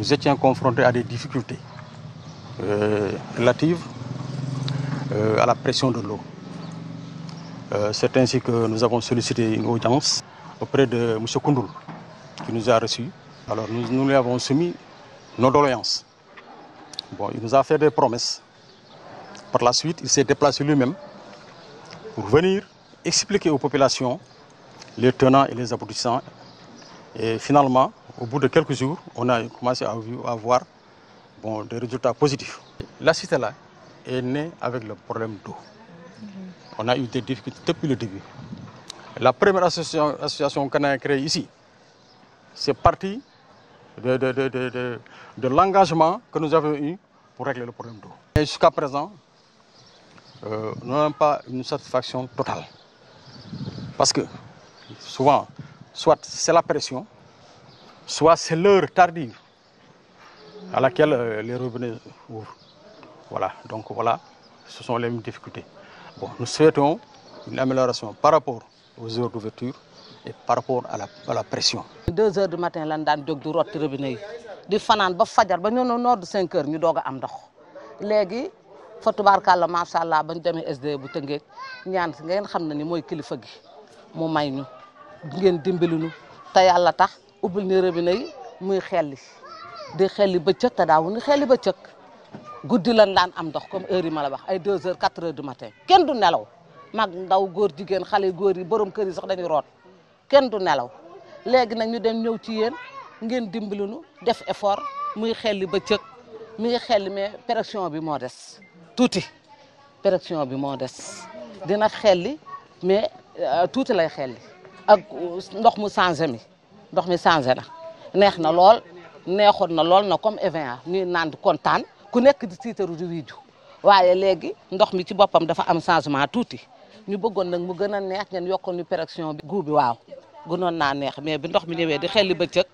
nous étions confrontés à des difficultés euh, relatives euh, à la pression de l'eau. Euh, c'est ainsi que nous avons sollicité une audience auprès de M. Koundoul, qui nous a reçus. Alors nous, lui avons soumis nos doléances. Bon, il nous a fait des promesses. Par la suite, il s'est déplacé lui-même pour venir expliquer aux populations les tenants et les aboutissants. Et finalement, au bout de quelques jours, on a commencé à, avoir des résultats positifs. La cité-là est née avec le problème d'eau. On a eu des difficultés depuis le début. La première association, qu'on a créée ici, c'est parti de, l'engagement que nous avons eu pour régler le problème d'eau. Et jusqu'à présent, euh, nous n'avons pas une satisfaction totale. Parce que souvent, soit c'est la pression, soit c'est l'heure tardive à laquelle euh, les robinets ouvrent. Voilà, donc voilà, ce sont les mêmes difficultés. Bon, nous souhaitons une amélioration par rapport aux heures d'ouverture et par rapport à la, à la pression. 2 heures du matin là, daan le di rotti robinet yi di fanaan ba fajar ba ñu de 5 heures ñu doga a am ndox léegi fa tubaarkàlla macha allah ba ñu demee SDE bu Tëngéej ñaan si xam ne ni moy kilifa gi mu may ñu ngeen dimbalinu te yàlla tax. ubbil ni robinet yi muy xelli di xelli bëccëg te daawu ni xelli bëccëg guddi lan daan am ndox comme heure yi ma la wax ay 2 heures 4 heures du matin kenn du nelaw mag ndaw góor jigéen xale góor yi borom kër yi sax dañuy root kenn du nelaw léegi nag ñu dem ñëw ci yéen ngeen dimbali nu def effort muy xelli bëccëg muy xelli mais pression bi moo des tuuti pression bi moo des dina xelli mais tuuti lay xelli ak ndox mu changé mi ndox mi changé na neex na lool neexoon na lool na comme événement ñuy nand kontaan ku nekk di tiitaru di wiiju waaye léegi ndox mi ci boppam dafa am changement tuuti ñu bëggoon nag mu gën a neex ñen yokkoon ñu pression bi guubi waaw gënoon naa neex mais bi ndox mi ñëwee di xelli bëccëg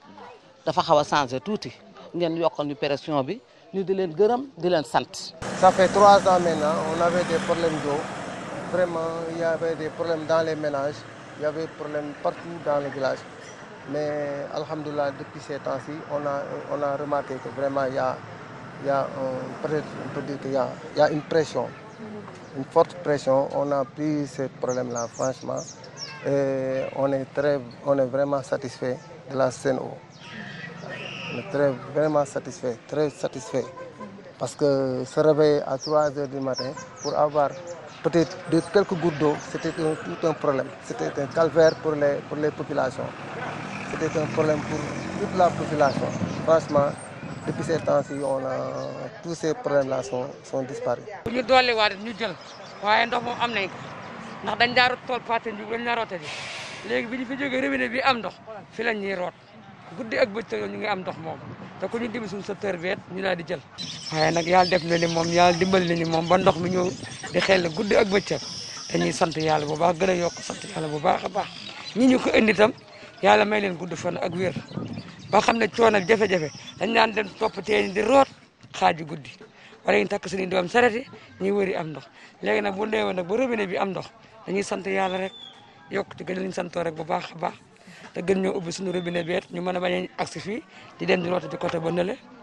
dafa xaw a changé tuuti ngeen yokkoon ñu pression bi ñu di leen gërëm di leen sant. ça fait trois ans maintenant on avait des problèmes d'eau vraiment il y avait des problèmes dans les ménages il y avait problème partout dans le village mais Alhamdulillah, depuis ces temps-ci, on a, remarqué que vraiment, il y a, qu'il y a, une pression, une forte pression. On a pris ce problème-là, franchement. Et on est, vraiment satisfait de la scène On est très, vraiment satisfait, très satisfait. Parce que se réveiller à 3 h du matin pour avoir peut-être quelques gouttes d'eau, c'était tout un problème. C'était un calvaire pour les populations. c'était un problème pour toute la population. Franchement, depuis ces temps-ci, on a tous ces problèmes-là sont sont disparus. ñu doole waa ñu jël waaye ndox moom am nañ ko ndax dañ daa tool pàtte ñu dañ daa roote bi léegi bi ñu fi jógee robinet bi am ndox fi lañ ñuy root guddi ak bëccëg ñu ngi am ndox moom te ku ñu dimbali suñu secteur bi ñu daal di jël. waaye nag yàlla def na ni moom yàlla dimbali na ni moom ba ndox mi ñëw di xel guddi ak bëccëg dañuy sant yàlla bu baax gën a yokk sant yàlla bu baax a baax ñi ñu ko indi tam yàlla may leen gudd fan ak wér ba xam ne coon ak jafe-jafe dañ dem topp teen di root xaaju guddi wala yi takk suñuy doom sarete ñuy wëri am ndox léegi nag bu ndeewee nag ba robinet bi am ndox dañuy sant yàlla rek yokk ci gën lañ santoo rek bu baax baax te gën ñoo ubbi suñu robinet bi ñu mën a bañ a agsi fii di dem di root rootati côté ba nële